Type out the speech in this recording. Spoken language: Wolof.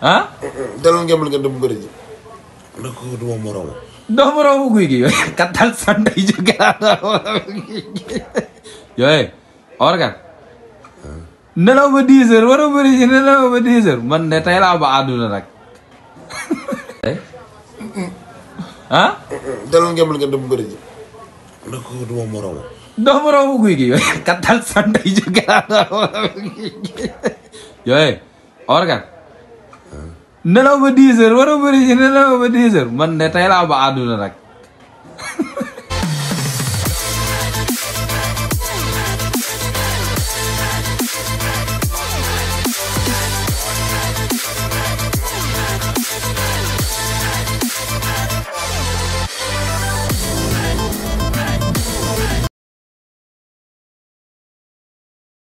ah. dalal ngeen ngeen dem bëri ji. naka ko du ma moromu. doo moromu guy gi yooyu organ. nelaw ba dix a bëri ji nelaw ba dix heures man ne tey laa ba àdduna nag. ah. dalal ngeen ngeen dem bëri ji. naka ko guy gi yooyu kattan sant yi jóge organ. nelaw ba 10 heures war a bëri ci nelaw ba 10 heures man ne tey laa ba àdduna rek